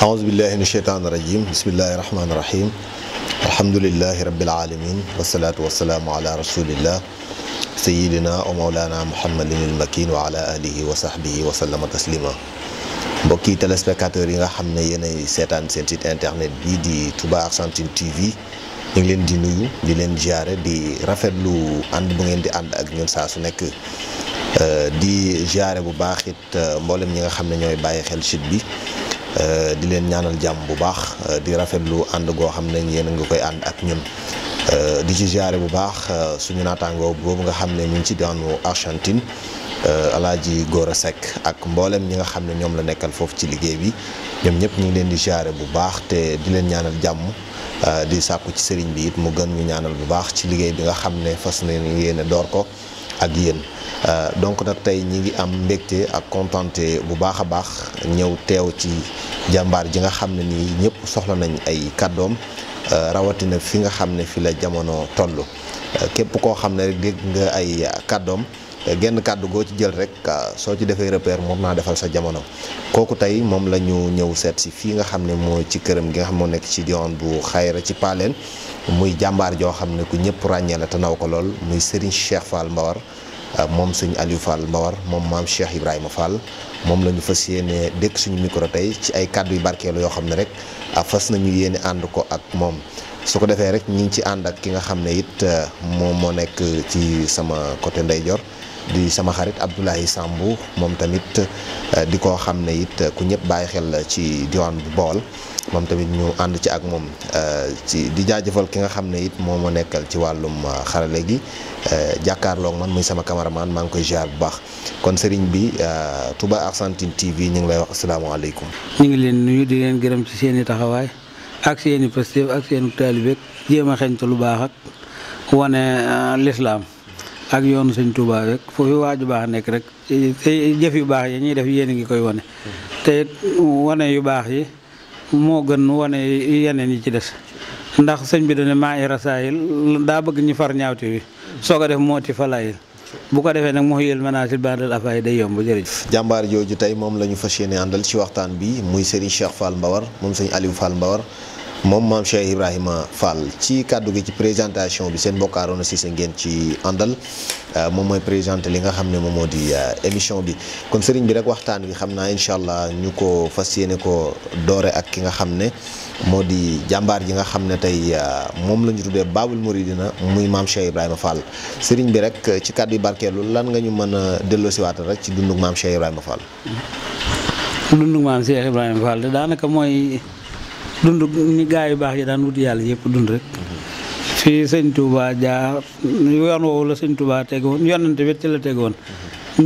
ahousubillahi min sheytaan irajim bismillahi rahmaani rahim alhamdulilahi rabil alamin wasalaatu wasalaamu ala rasulillah sayidina wa maulana muhammadin il makin wa ala alihi wa sahbihi wa sallama taslima mbokki téléspectateurs yi nga xam ne yéenay seetaan seen site internet bi di Touba Argentine TV ñu ngi leen di nuyu di leen jaare di rafetlu ànd bu ngeen di ànd ak ñun saa su nekk euh, di jaare bu baax it euh, mboolem ñi nga xam ne ñooy bàyyi xel site bi Euh, di leen ñaanal jàmm bu baax euh, di rafetlu ànd goo xam ne yéen a ngi koy ànd ak ñun. Euh, di ci jaare bu baax suñu naataangoo boobu nga xam ne ñu ngi ci daanu Argentine alaaji a sekk ak mboolem ñi nga xam ne ñoom la nekkal foofu ci liggéey bi ñoom ñëpp ñu ngi leen di ziare bu baax te di leen ñaanal jàmm di sàkku ci sëriñ bi it mu gën ñu ñaanal bu baax ci liggéey bi nga xam ne fas nañu yéene door ko ak yéen. Euh, donc nag tey ñi ngi am mbégte ak kontante bu baax a baax ñëw teew ci jàmbaar ji nga xam ne nii ñëpp soxla nañ ay kàddoom euh, rawatina fi nga xam ne fi la jamono toll euh, képp koo xam ne rek dégg nga ay kàddoom genn kàddu goo ci jël rek soo ci defee repère moom naa defal sa jamono kooku tey moom la ñu ñëw seet si fii nga xam ne mooy ci këram gi nga xam moo nekk ci diwaan bu xayra ci Paaleen muy jàmbaar joo xam ne ku ñëpp ràññee la te naw ko lool muy Serigne Cheikh Fall Mbawar Euh, moom sëñ Aliou Fall Mbawar moom maam Cheikh Ibrahima Fall moom la ñu fas yéene dékk suñu micro tey ci ay kàddu yu barkeelu yoo xam ne rek euh, fas nañu yéene ànd ko ak moom. su ko defee rek ñu ngi ci ànd ak ki nga xam ne it euh, moom moo nekk ci sama côté ndeyjoor di sama xarit Abdoulaye Sambou moom tamit di ko xam ne it ku ñëpp bàyyi xel ci diwaan bu Bawol. moom tamit ñu ànd ci ak moom euh, ci di jaajëfal ki nga xam ne it moo ma nekkal ci wàllum euh, xarale gi euh, jàkkaarloog man muy sama cameraman maa ngi koy ziar bu baax kon sëriñ bi tubaa Touba Argentine TV ñu ngi lay wax asalaamaaleykum. ñu ngi leen nuyu di leen gërëm ci seen i taxawaay ak seen i positif ak seen i taalibe jéem a xeñtu lu baax ak wane lislaam ak yoonu sëñ Touba rek foofu waaju baax nekk rek jëf yu baax yi ñuy def yéen ngi koy wane te wane yu baax yi. moo gën wane yeneen yi ci des ndax sëñ bi dane maa i rasaayil daa bëgg ñu far ñaawte wi soog a def mooti falaayil bu ko defee nag moo yël manaasil baadal afaay day yomb jërëjëf jàmbaar jooju tey moom la ñu fas yéene àndal ci waxtaan bi muy Serigne Cheikh Fall Mbawar moom sëñ Aliou Fall Mbawar moom maam Cheikh Ibrahima Fall ci kàddu gi ci présentation bi seen mbokkaaroon si sa ngeen ci àndal euh, moom mooy présenté li nga xam ne moom moo di euh, émission bi kon sëriñ bi rek waxtaan wi xam naa incha allah ñu ko fas yéene ko doore ak ki nga xam ne moo di jàmbaar ji nga xam ne tey euh, moom la ñu tuddee Baabul Muridina muy maam Cheikh Ibrahima Fall sëriñ bi rek ci kàddu yi barkeelu lan nga ñu mën a delloosiwaatal rek ci dundug maam Cheikh Ibrahima Fall. dundug maam dund ni gaa yu baax yi daan wut yàlla yëpp dund rek fii sëñ Touba jaar yoon woowu la sëñ Touba teg yonante bi ci la teg woon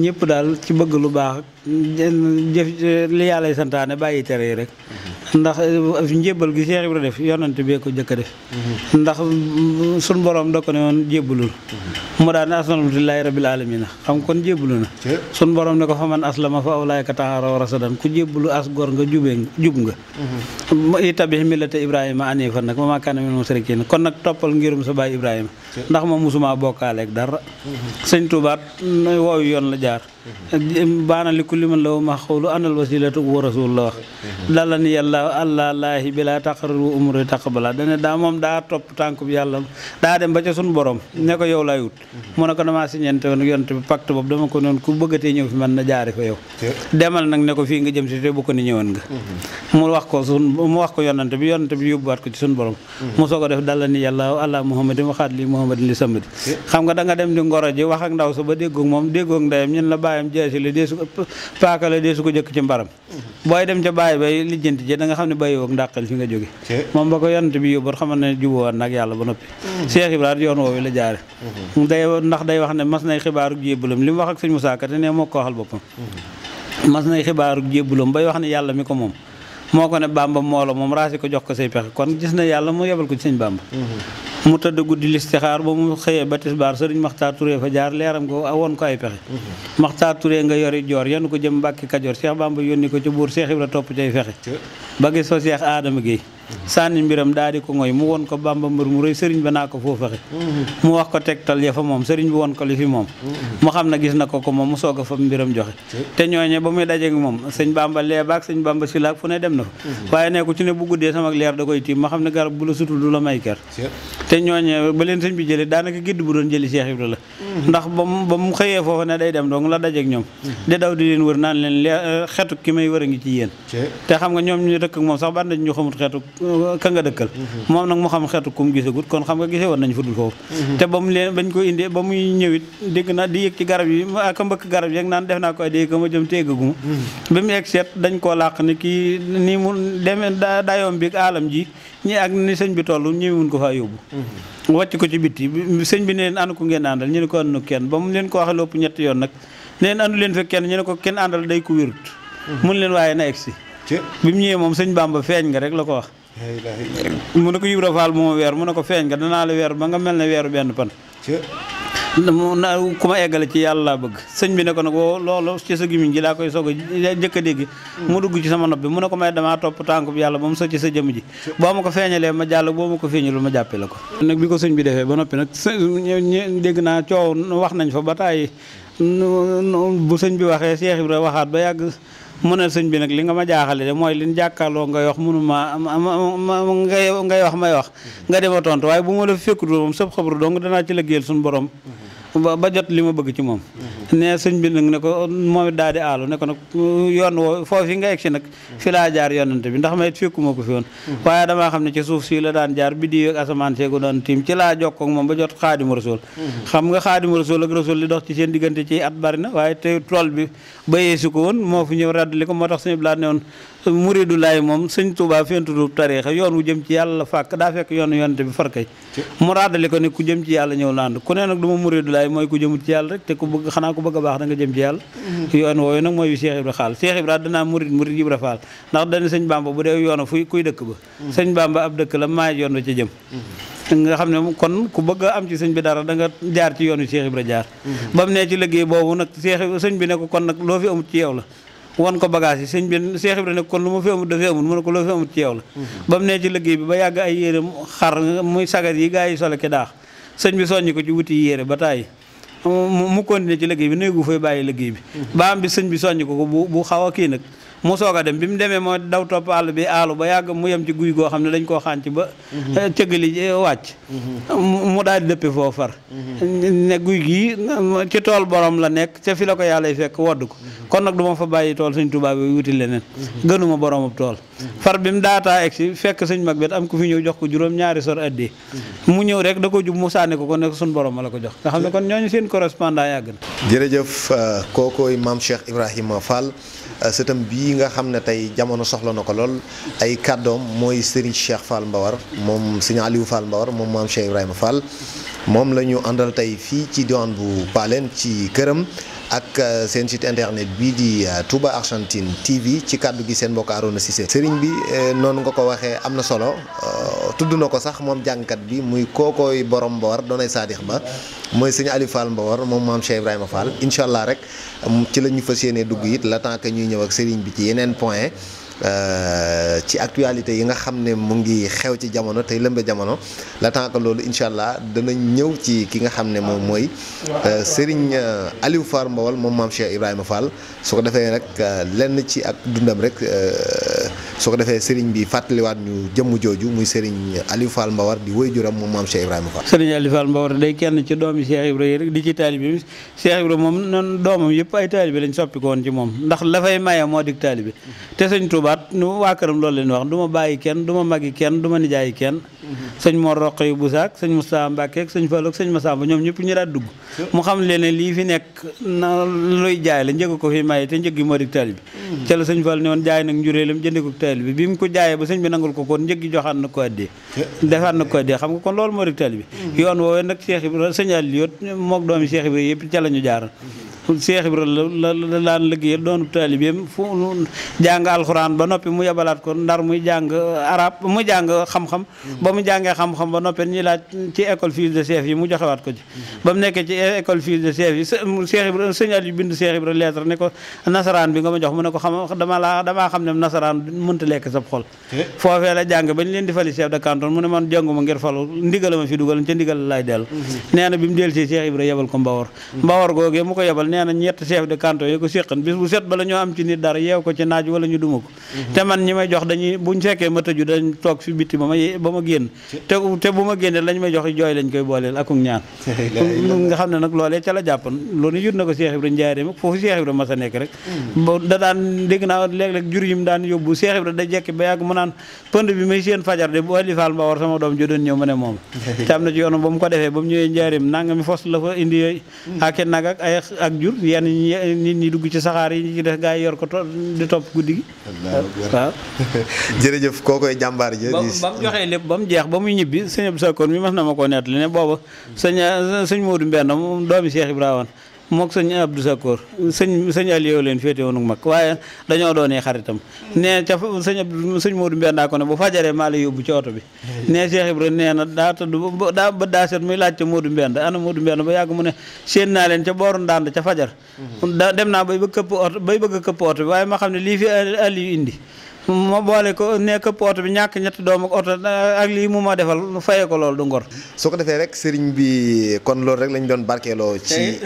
ñëpp daal ci bëgg lu baax ak jëf li yàlla santaane bàyyi tere yi rek ndax eh, njébbal gi Cheikh Ibra def yonent bee ko jëkk a def ndax mm, sun borom da ko ne woon jébbalul mu daan aslamatulillahi rabbil alamina xam kon jébbalu na sun borom ne ko fa man aslama fa awlaayka taxaaraw rasadan ku jébbalu as gor nga jubee jub nga mm-hmm. itabih millata ibrahima anii fan nag ma kaana min musrikiin kon nag toppal ngirum sa baay ibrahima ndax ma musuma bokkaaleeg dara mm-hmm. sëñ Tuubaa mm, woowu yoon la jaar baana kulli man lahu wa rasulullah dala ni yàlla allah laahi bi laa taqarar wa umri taqabala dane daa moom daa topp tànk bi yàlla daa dem ba ca suñu borom ne ko yow laay wut mu ne ko damaa siñente woon yonte bi pacte boobu dama ko noonu ku bëggatee ñëw fi man na jaari fa yow demal nag ne ko fii nga jëm si te bu ko ni ñëwoon nga mu wax ko sun mu wax ko yonante bi yonante bi yóbbuwaat ko ci suñu borom mu soog a def dala ni yàlla allah muhammadin waxaat li muhammadin li samadi xam nga da dem di ngoro ji wax ndaw sa ba déggoog moom déggoog ndeyam ñun la waayam jeesi la dee su ko paaka la dee su ko jëkk ci mbaram booy dem ca bàyyi bay lijjanti ci da nga xam ne bàyyi woog ndàqal fi nga jóge moom ba ko yonent bi yóbbu xamal ne jubowoon nag yàlla ba noppi Cheikh Ibrahima yoon woowu la jaare mm-hmm. day ndax day wax ne mas nay xibaaru jébbalam li mu wax ak sëñ Musaa Ka te ne moo ko waxal boppam mm-hmm. mas nay xibaaru jébbalam bay wax ne yàlla mi ko moom moo ko ne bàmba moo la moom raasi ko jox ko say pexe kon gis na yàlla mu yebal ko ci sëñ bàmba mm-hmm. mu tëdd guddi listixaar ba mu xëyee ba tisbaar sëriñ Maxtaar Touré fa jaar leeram ko awoon ko ay pexe Maxtaar Touré nga yori joor yanu ko jëm Mbàkke Kajoor Cheikh Bamba yónni ko ci buur Cheikh la topp cay fexe ba gis fa Cheikh aadama gi sànni mbiram daal di ko ngoy mu won ko bàmba mbër mu rëy sëriñ ba naa ko foofaxe mu wax ko tegtal ya fa moom sëriñ bi won ko li fi moom mu xam na gis na ko ko moom mu soog a fa mbiram joxe te ñooñe ba muy dajeek moom sëñ bàmba lee baak sëñ bàmba si laak fu ne dem na fa da koy tiim ma xam ne garab bu la sutul du la may ker te ñooñe ba leen sëñ bi jëlee daanaka gidd bu doon jëli Cheikh Ibra la ndax ba mu ba mu xëyee foofu ne day dem dong la dajeek ñoom de daw di leen wër naan leen xetuk ki may wër a ngi ci yéen te xam nga ñoom ñu dëkk ak moom sax ban dañ ñu xamut xetuk Euh, ka nga dëkkal moom nag mu xam xeetu ku mu gisagut kon xam nga gisee woon nañ fudul foofu mhm. te ba mu leen bañ ko indee ba muy ñëwit dégg naa di yëg ci garab yi ak mbëkk garab yi ak naan def naa ko addiye ka ma jëm te eggaguma mhm. bi mu egg seet dañ koo làq ni kii ni mu demee dayoom bi aalam ji ñi ak ni sëñ bi toll ñi mun ko faa yóbbu mhm. wàcc ko ci bitti sëñ bi ne leen ànd ko ngeen àndal ñu ne ko àndu kenn ba mu leen waaye na egsi bi mu ñëwee moom sëñ Bamba feeñ nga rek la ko wax mu ne ko Ibra Faal moo weer mu ne ko feeñ nga danaa la weer ba nga mel ne weeru benn pan mu na ku ma eggale ci yàlla laa bëgg sëñ bi ne ko nag woo oh, loolu ci sa gimiñ laa koy soog a jëkk dégg mm. mu dugg ci sama nopp mu ne ko may damaa topp tànk bi yàlla ba mu socc sa jëm ji boo ma ko feeñalee ma jàll boo ma ko feeñalul ma jàppe la ko nag bi ko sëñ bi defee ba noppi nag dégg naa coow wax nañ fa ba tàyyi bu sëñ bi waxee Cheikh Ibra waxaat ba yàgg mu ne sëñ bi nag li nga ma jaaxale de mooy liñ jàkkaarloo ngay wax mënu ma ngay ngay wax may wax mm-hmm. nga dema tontu waaye bu ma la fekkutu moom sëb xabru dong danaa ci liggéeyal suñu borom mm-hmm. ba jot li ma bëgg ci moom ne sëñ bi nag ne ko moom it daal di aalu ne ko nag yoon woo foofu nga egsi nag fi laa jaar yonante bi ndax mayit fekkuma ko fi woon waaye damaa xam ne ci suuf si la daan jaar bi di ak asamaan seegu doon tiim ci laa jokkoog moom ba jot xaadimu rasul xam nga xaadimu rasul ak rasul li dox ci seen diggante ci at bari na waaye te tool bi ba yeesu ko woon moo fi ñëw ràdd li ko moo tax suñu blaat ne woon muridu laay moom sëñ Touba fentudub tariixa yoon wu jëm ci yàlla fàkk daa fekk yoon yonte bi farkay jëm ci yàlla ñëw laand ku ne nag du ma laay mooy ku jëmut ci yàlla rek te ku bëgg xanaa ku bëgg a baax da nga jëm ci yàlla mm-hmm. yoon woowu nag mooy yu Cheikh Ibra Fall Cheikh Ibra danaa murid murid Ibra Fall ndax dana bu dee yoona fu kuy dëkk ba mm-hmm. sëñ Bamba ab dëkk la maay yoon wa ca jëm mm-hmm. nga xam ne kon ku bëgg am ci sëñ bi dara da nga jaar ci yoonu Cheikh Ibra jaar ba mu nee ci liggéey boobu nag sëñ bi ne ko kon nag loo fi amut la wan ko bagage yi sëñ bi Cheikh Ibrahima ne kon lu ma fi amut dafa amut mu ne ko loo fi amut ci yow la ba mu nee ci liggéey bi ba yàgg ay yére xar muy sagar yi gaa yi solo daax sëñ bi soññi ko ci wuti yére ba tàyyi mu continuer ci liggéey bi néegu fay bàyyi liggéey bi ba am bi sëñ bi soññi ko ko bu xaw a kii nag mu soog a dem bi mu demee moo daw topp àll bi aalu ba yàgg mu yem ci guy goo xam ne dañ koo xànc ba mhm. eh, cëggali eh, wàcc mhm. mu daal di foofu far mhm. ne guy gii ci tool borom la nekk ca fi la ko yàlla fekk wodd ko kon nag du ma fa bàyyi tool suñ tubaab bi wuti leneen gënuma boromub tool far bi mu daataa egg si fekk suñ mag bet am ku fi ñëw jox ko juróom ñaari sor addee mu ñëw rek da ko jub mu sànni ko ko nekk suñ borom ma la ko jox nga xam ne kon ñooñu seen correspondant yàgg na jërëjëf euh, kookooy maam Cheikh Ibrahima Fall Euh, sëtam bii nga xam ne tey jamono soxla na ko lool ay kàddoom mooy Serigne Cheikh Fall Mbawar moom Serigne Aliou Fall Mbawar moom maam Ibrahima Fall moom la ñu àndal tey fii ci diwaan bu Paleen ci këram ak euh, seen site internet bii di euh, Touba Argentine TV ci kàddu gi seen mbokk Arona Cissé Serigne bi noonu nga ko waxee am na solo tudduna ko sax moom jàngkat bi muy kookooy borom Mbawar doonay saadix ba mooy sëñ Aliou Fall Mbawar moom maam Cheikh Ibrahima Fall incha allah rek um, ci la ñu fas yéenee dugg it la temps que ñuy ñëw ak sëriñ bi ci yeneen point euh, ci actualité yi nga xam ne mu ngi xew ci jamono tey lëmbe jamono la temps que loolu incha allah danañ ñëw ci ki nga xam ne moom mooy euh, Serigne euh, Aliou Fall Mbawal moom maam Ibrahima Fall su ko defee rek lenn ci ak dundam rek soo ko defee sëriñ bi fàttaliwaat ñu jëmm jooju muy sëriñ Aliou Fall Mbawar di woy juram moom maam Cheikh Ibrahima Fall. sëriñ Aliou Mbawar day kenn ci doomi Cheikh Ibrahima rek di moom noonu doomam yëpp ay taalibe lañ soppi ko woon ci moom ndax la fay maye moo dig taalibe te sëñ Touba nu waa këram loolu leen wax du ma bàyyi kenn du ma magi kenn du ma nijaayi kenn sëñ Mor Roqe yu Busaak sëñ Moustapha Mbacke ak sëñ Fallou ak sëñ Massamba ñëpp ñu daan dugg mu lii fi nekk na luy jaay la njëg ko fi maye te njëg gi moo dig taalibe ca taalibe bi bi mu ko jaayee ba sëñ bi nangul ko kon njëg gi joxaat na ko addi defaat na ko addi xam nga kon loolu moo di taalibe bi mm-hmm. yoon woowee nag Cheikh Ibra sëñ Aliou mook doomi Cheikh Ibra yëpp ca ñu jaar Cheikh Ibrahima la la daan liggéeyal doonu fu jàng alxuraan ba noppi mu yabalaat ko ndar muy jàng arab mu jàng xam-xam ba mu jàngee xam-xam ba noppi ñi laaj ci école fils de chef yi mu joxewaat ko ci ba mu nekkee ci école fils de chef yi Cheikh Ibrahima sëñ Aliou bind Cheikh Ibrahima lettre ne ko nasaraan bi nga ma jox mu ne ko xam dama laa dama xam ne nasaraan mënta lekk sab xol foofee la ba bañ leen di fali chef de canton mu ne man jàngu ma ngir falu ndigal ma fi dugal ca ndigal mhm. mu dellu si Cheikh Ibrahima ko mbawor nee na ñett chef de canton yi ko séqan bis bu set bala ñoo am ci nit dara yeew ko ci naaj wala ñu duma ko mhm. te man ñi may jox dañuy bu ma génne lañ may jox la jàppan loolu yut na ko Cheikh Ibra Ndiaye mag foofu Cheikh Ibra mas a nekk rek mhm. ba da daan dégg naa léeg-léeg jur yi jekki ba yàgg mu naan pënd bi may seen fajar de bu alifaal mba war sama doom jo ñëw ma ne moom te na ci yoonam ba mu ko defee ba mu ñëwee njaarim nanga mi fos la fa indi yooyu mhm. ak nag ak ak jur yenn nit ñi dugg ci saxaar yi ñu ci def gaa yi yor ko di topp guddi gi. waaw jërëjëf koo koy jàmbaar ji. ba mu joxee lépp ba mu jeex ba muy ñibbi sëñ Abdou Sakkoor mi mas na ma koo nettali ne booba sëñ sëñ Modou Mbène moom doomi Cheikh Ibrahima moog sëñ Abdou Sakkoor sëñ sëñ Aliou leen féete woon ak mag waaye dañoo doonee xaritam nee ca sëñ Abdou sëñ Modou Mbenda ko ne bu fajaree maa la yóbbu ci oto bi nee Cheikh Ibrahima nee na daa tëdd daa ba daa seet muy laajte Modou Mbenda ana Modou Mbenda ba yàgg mu ne séen naa leen ca booru ndànd ca fajar mhm. dem naa bay bëgg këpp oto bi waaye ma xam ne lii fi Aliou indi ma boole ko nekk oto bi ñàkk ñetti doom ak oto ak lii mu ma defal nu faye ko loolu du ngor soo ko defee rek sëriñ bi kon loolu rek lañ doon barkeeloo ci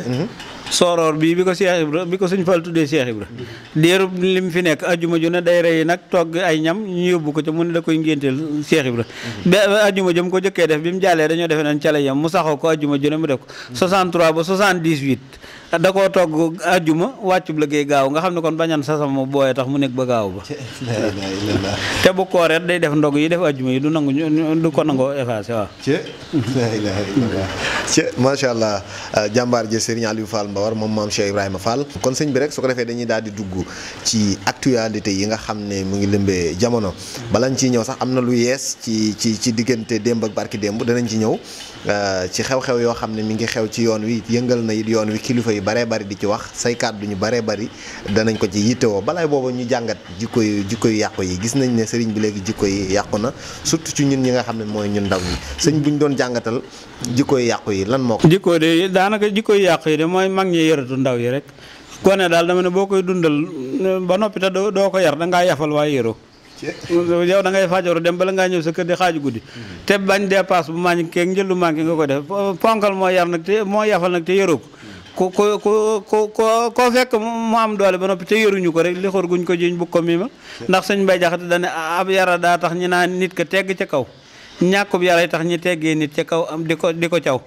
sooroor mhm. bii bi ko Cheikh Ibra bi ko suñ fal tuddee Cheikh Ibra déerub li mu fi nekk ajuma ju ne day rey nag togg ay ñam ñu yóbbu ko ca mu ne da koy ngénteel Cheikh Ibra mhm. ba ajuma jëm ko jëkkee def bi mu jàllee dañoo defee nañ cale yam mu saxoo ko ajuma ju ne mu def ko 63 mhm. ba 78 Ah, da koo togg àjjuma wàccub liggéey gaaw nga xam ne kon bañan sasam mu booyee tax mu nekk ba gaaw ba te bu kooreet day def ndog yi def àjjuma yi du nangu du ko nangoo effacé waaw ci macha allah ah, jàmbaar ji Serigne Aliou Fall Mbawar moom maam Cheikh Ibrahima Fall kon sëñ bi rek su ko defee dañuy daal di dugg ci actualité yi nga xam ne mu ngi lëmbee jamono balañ ciy ñëw sax am na lu yees ci ci ci diggante démb ak barki démb danañ ci ñëw Euh, ci xew-xew yoo xam ne mi ngi xew ci yoon wi yëngal na it yoon wi kilifa yu baree bari di ci wax say kàddu ñu baree bari danañ ko ci yittewoo balay booba ñu jàngat jikko yu jikko yu yàqu yi gis nañ ne sëriñ bi léegi jikko yi yàqu na surtout ci ñun ñi nga xam ne mooy ñun ndaw ñi sëñ buñ doon jàngatal jikko yu yàqu yi lan moo ko. jikko de daanaka jikko yu yàqu yi de mooy mag ñi yëratu ndaw yi rek kone daal dama ne boo koy dundal ba noppi te doo ko yar da ngaa yafal waaye yëru yow da ngay fajoru dem bala ngaa ñëw sa kër di xaaju guddi mm-hmm. te bañ dépasse bu maañ keeg njëlu manqué nga ko def ponkal moo yar nag te moo yafal nag te yoroo ko ko ko ko ko koo fekk mu am doole ba noppi te yoruñu ko rek li xor guñ ko jiñ bug ko miimal ndax sëñ Mbay Jaxate dane ab yara daa tax ñi naan nit ka tegg ca kaw ñàkkub yaray tax ñi teggee nit ca kaw di ko di ko caw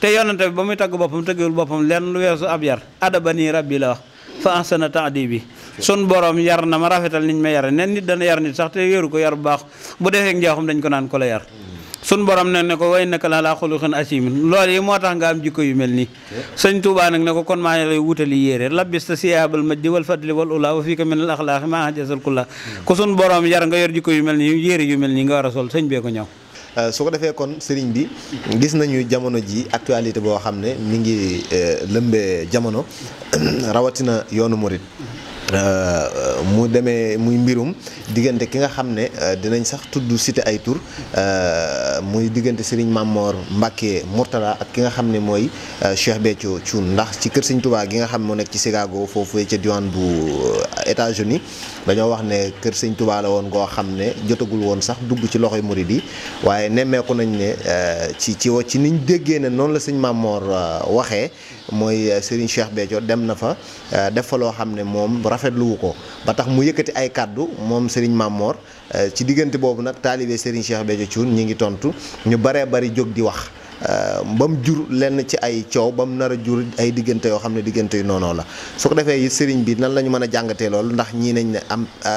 te yonante bi ba muy tagg boppam tëggul boppam lenn lu weesu ab yar adabani rabbi la wax sun borom yar na ma rafetal niñ ma yare nen nit dana yar nit sax te yéru ko yar bu baax bu defee njaaxum dañ ko naan ko la yar sun borom nag ne ko way naka la laa xuluxin asimin loolu yi moo tax nga am jikko yu mel nii sëñ Tuubaa nag ne ko kon maa ngi lay wutali yéere labbista siyaabal majdi wal fadli wal ula wa fiika min al axlaaqi maa jasal kulla ku sun borom yar nga yor jikko yu mel nii yéere yu mel nii nga war a sol ko ñaw euh, su ko defee kon sëriñ bi gis nañu jamono ji actualité boo xam ne mi ngi euh, lëmbee jamono rawatina yoonu murit Euh, euh, mu demee muy mbirum diggante ki nga xam ne euh, dinañ sax tudd cité ay tur muy diggante Serigne Mamor Mbacke Mourtala ak ki nga xam ne mooy Cheikh Béthio Thioune ndax ci kër sëñ Touba gi nga xam ne moo nekk ci Chicago foofu ca diwaan bu États-Unis dañoo wax ne kër Serigne Touba woon goo xam ne jotagul woon sax dugg ci loxoy murid yi waaye nemmeeku nañ ne ci ci ci niñ déggee ne noonu la Serigne Mamor waxee mooy Serigne Cheikh Béthio dem na fa def fa loo xam ne moom. rafetluwu ko ba tax mu yëkkati ay kàddu moom Serigne Mamor eh, ci diggante boobu nag taalibe Serigne Cheikh Béthio Thioune ñi ngi tontu ñu baree bari jóg di wax Euh, ba mu jur lenn ci ay coow ba mu nar a jur ay diggante yoo xam ne diggante yu noonoo la su ko defee it sëriñ bi nan la ñu mën a jàngatee loolu ndax ñii nañ ne am euh,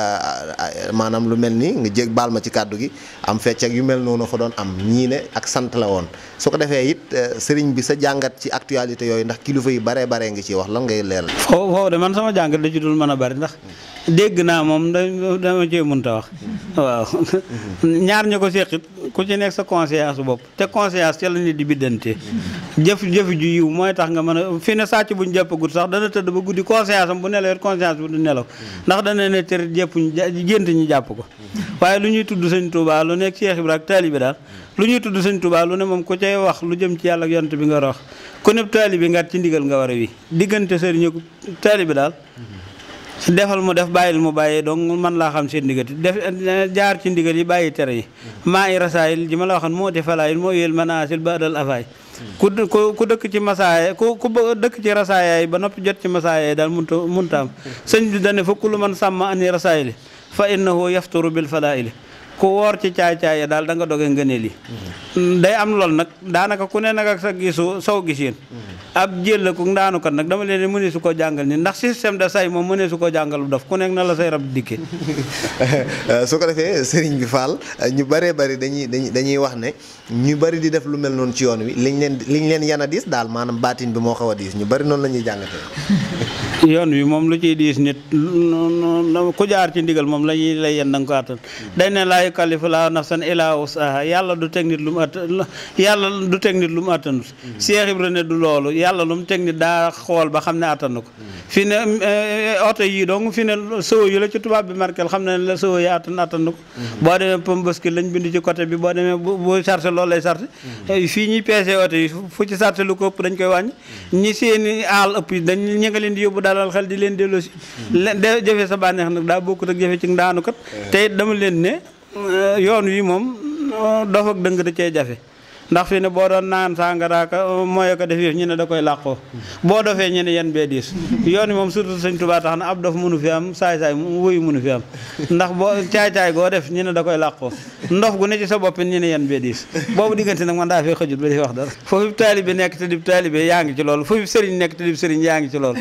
euh, maanaam lu mel ni nga jég baal ma ci kàddu gi am fecceeg yu mel noonu fa doon am ñii ne ak sant la woon su ko defee it sëriñ bi sa jàngat ci actualité yooyu ndax kilifa yu baree baree ngi ciy wax lan ngay leen foofu foofu de man sama jàngat da ci dul mën a bari ndax dégg naa moom dama cee mënta wax mm-hmm. waaw ñaar ku ci nekk sa conscience bopp te conscience ca la nit di biddante jëf jëf ju yiw mooy tax nga mën a fi ne sàcc buñ jàppagut sax dana tëdd ba guddi conscience am bu nelaw it conscience bu du nelaw ndax dana ne tër jëpp ñu ñu jàpp ko waaye lu ñuy tudd sëñ Tuubaa lu nekk Cheikh Ibrahima taalibe daal lu ñuy tudd sëñ Tuubaa lu ne moom ku cay wax lu jëm ci yàlla ak bi nga war a wax ku ne taalibe nga ci ndigal nga war a wi diggante sëriñ ak taalibe defal mu def bàyyil mu bàyyi donc man laa xam seen ndigal def jaar ci ndigal yi bàyyi tere yi maa i rasaayil ji ma la waxoon moo ti falaayil moo yéel manaasil ba adal afaay ku dëkk ci masaaya ku ku dëkk ci rasaayaay ba noppi jot ci masaaya daal munta munta am sëñ bi dane fa kullu man sàmm ani rasaayili fa innahu yafturu bil falaayili ku woor ci caay-caay ya daal danga da nga doge li yi day am lool nag daanaka ku ne nag ak sa gisu saw gisiin ab jël ku ndaanukat nag dama leen mëne su ko jàngal ni ndax système de say moom mëne su ko jàngal bu daf ku nekk na la say rab dikkee su ko defee sëriñ bi Fall ñu bëree bëri dañuy dañuy wax ne ñu bari di def lu mel noonu ci yoon wi liñ leen liñ leen yan a diis daal maanaam baatin bi moo xaw a diis ñu bëri noonu lañuy ñuy jàngatee yoon wi moom lu ciy diis nit ku jaar ci ndigal moom la ñuy lay yen da nga ko àttan day ne laa yukallifu laa nafsan illaa wus'ahaa yàlla du teg nit lu mu àttan yàlla du ne du loolu yàlla lu mu teg nit daa xool ba xam ne àttan na ko fi ne eh, oto yii dong fi ne sow yu la ci tubaab bi markel xam ne la sow yi àttan na ko boo demee pombaski lañ bind ci côté bi boo demee bu chargé loolu lay chargé eh, fii ñuy peese oto yi fu ci chargé lu ko ëpp dañ koy wàññi ñi seeni dalal xel di leen delloosi. de jafe sa bànneex nag daa bokkut ak jafe ci ndaanukat. Eh. te it dama leen ne euh, yoon wi moom euh, dof ak dëng da cee jafe. ndax fi ne boo doon naan sàngara ka ko def ñu ne da koy làqoo boo dofee ñu ne yan bee diis yoon wi moom surtout sëñ Tuubaa tax na ab dof mënu fi am saay-saay wuyu mënu fi am ndax boo caay-caay goo def ñu ne da koy làqoo ndof gu ne ci sa boppin ñu ne yan bee diis boobu diggante nag man daa fee xëjut ba di wax dara foofu taalibe nekk te dib yaa ngi ci loolu foofu sëriñ nekk te sëriñ yaa ngi ci loolu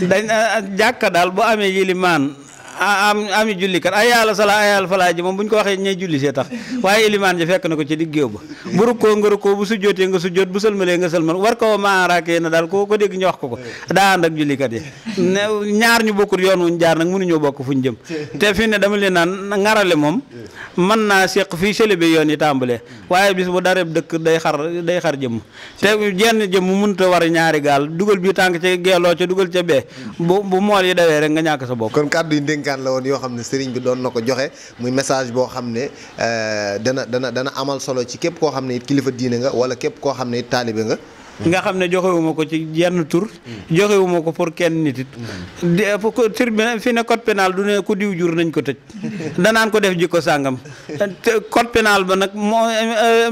dañ ah, ah, jàkka daal bu amee yilimaan am ami jullikat ay yàlla sala ay yàlla falaa ji moom bu ñu ko waxee ñay julli see tax waaye ilimaan ji fekk na ko ci digg géew ba bu rukkoo nga rukkoo bu sujjootee nga sujjoot bu sëlmalee nga sëlmal war ko maaraakee na daal ko ko dégg ñu wax ko ko daa ànd ak jullikat yi ñaar ñu bokkul yoon wu ñu jaar nag mënuñoo bokk fu ñu jëm te fi ne dama leen naan ngarale moom mën naa seq fii sëlëbe yoon yi tàmbalee waaye bis bu dareb dëkk day xar day xar jëmm te jenn jëmm mënta war ñaari gaal dugal bi tànk ca geeloo ca dugal ca bee bu bu mool yi dawee rek nga ñàkk sa bopp ndénkaan la woon yoo xam ne sëriñ bi doon na ko joxe muy message boo xam ne euh, dana dana dana amal solo ci képp koo xam ne it kilifa diine nga wala képp koo xam ne it taalibe nga nga xam ne joxewuma ko ci yenn tur joxewuma ko pour kenn nit it tur bi fi ne code pénal du ne ku diw jur nañ ko tëj danaan ko def jikko sàngam code pénal ba nag moo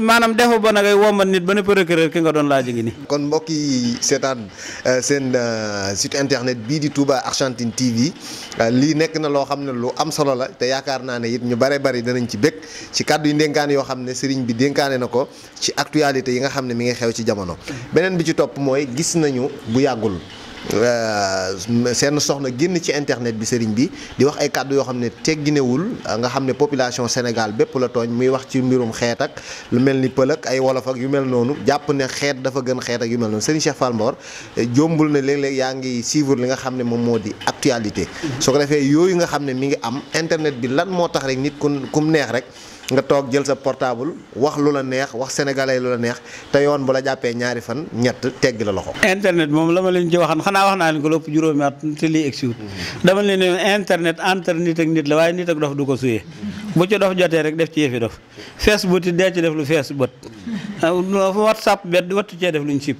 maanaam defu ba nagay wombat nit ba ne procureur ki nga doon laa ngi nii kon mbokk yi seetaan euh, seen euh, site internet bii di Touba Argentine TV euh, lii nekk na loo xam ne lu am solo la te yaakaar naa ne it ñu bare bari danañ ci bëgg ci kàddu yu ndénkaan yoo xam ne sëriñ bi dénkaane na ko ci actualité yi nga xam ne mi ngi xew ci jamono beneen bi ci topp mooy gis nañu bu yàggul euh, seen soxna génn ci internet bi sëriñ bi di wax ay kàddu yoo xam ne tegginewul nga xam ne population Sénégal bépp la tooñ muy wax ci mbirum xeet ak lu mel ni pël ak ay wolof ak yu mel noonu jàpp ne xeet dafa gën xeet ak yu mel noonu sëriñ Cheikh Fall jombul na léeg-léeg yaa ngi suivre li nga xam ne moom moo di actualité. soo ko defee yooyu nga xam ne mi ngi am internet bi lan moo tax rek nit ku kum neex rek. nga toog jël sa portable wax lu la neex wax sénégalais lu la neex te yoon bu la jàppee ñaari fan ñett tegg la loxo. internet moom la ma leen ci waxan xanaa wax naa leen ko lépp juróomi at te lii egg si wut mm-hmm. dama leen ne internet entre nit ak nit la waaye nit ak dof du ko suyee bu ci dof jotee rek def ci yëfi dof Facebook it dee ci def lu fees bët WhatsApp bet wattu cee def luñ sib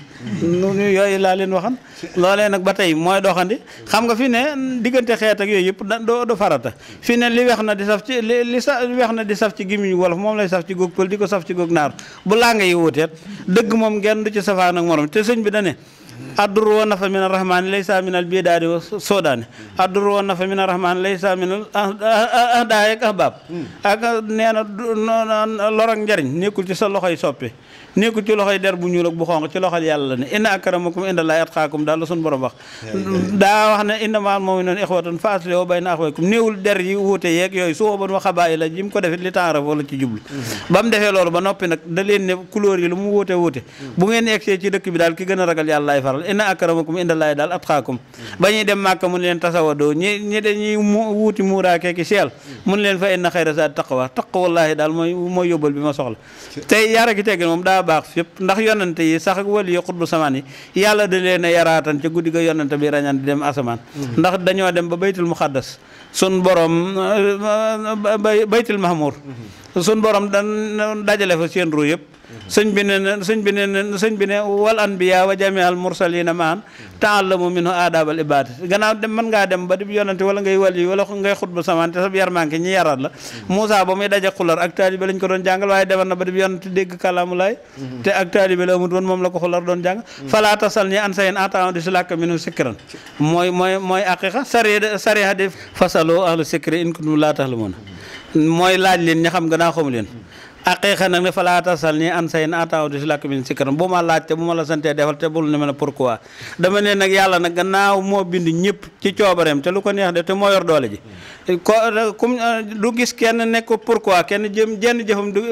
nu yooyu laa leen waxam loolee nag ba tey mooy doxandi xam nga fi ne diggante xeet ak yooyu yëpp doo do farata fi ne li wex na di saf ci li li sa wex na di saf ci gimiñ wolof moom lay saf ci goog pël di ko saf ci góog naar bu laa nga yi dëgg moom ngeen du ci safaan ak morom te sëñ bi dane adduru wa nafa min arrahmani laysa min al bidaadi wa soodaani adduru wa nafa min arrahmani laysa min al ahdaay ak ahbaab ak nee na lor ak njariñ nekkul ci sa loxo yi soppe nekku ci loxoy der bu ñuul ak bu xonq ci loxol yàlla la ne inna akramakum indallaahi atqaakum daal la suñu borom daa wax ne innamal mu'minuuna ixwatun ba mu defee loolu ba noppi nag da leen ne couleur yi lu bi daal ki gën a ragal yàlla lay faral inna akramakum indallaahi daal atqaakum ba ñuy dem màkka mun leen tasawadoo ñi ñi dañuy wuuti muuraakee ki seel mun leen fa inna xayra zaadi taqwa taqwallaahi daal mooy mooy yóbbal bi ma soxla tey yaara ki teggin moom daa baax fépp ndax yonante yi sax ak wali yi xutbu samaan yi yàlla da leen a yaraatan ca guddi ga yonante bi rañaan di dem asamaan mm-hmm. ndax dañoo dem ba baytul muxaddas sun borom euh, euh, baytul mahmur mm-hmm. sun borom dajale fa seen ru yëpp sëñ bi ne na sëñ bi ne na sëñ bi ne wal anbiya wa jami al mursalina maan taallamu minhu aadabal ibadati gannaaw dem mën ngaa dem ba di yonante wala ngay wàll yi wala ngay xutba samante sab yarmanke ñi yaraat la Moussa ba muy daje xular ak taalibe lañ ko doon jàngal waaye demal na ba di yonante dégg kalaamu laay te ak taalibe la amut woon moom la ko xular doon jàng fala tasal ni an sayen ataan di si làkk minhu sikran mooy mooy mooy aqiqa sari sariha di fasaloo ahlu sikri in mooy laaj leen ñi xam gannaaw xamu leen aqiqa nag ne falaa tasal nii an sayin atawdu si lakk min sikkaram bu ma laajte bu ma la sante defal te bul ne ma ne pourquoi dama ne nag yàlla nag gannaaw moo bind ñëpp ci coobareem te lu ko neex def te moo yor doole ji ko kum du gis kenn nekk ko quoi kenn jëm jenn jëfam du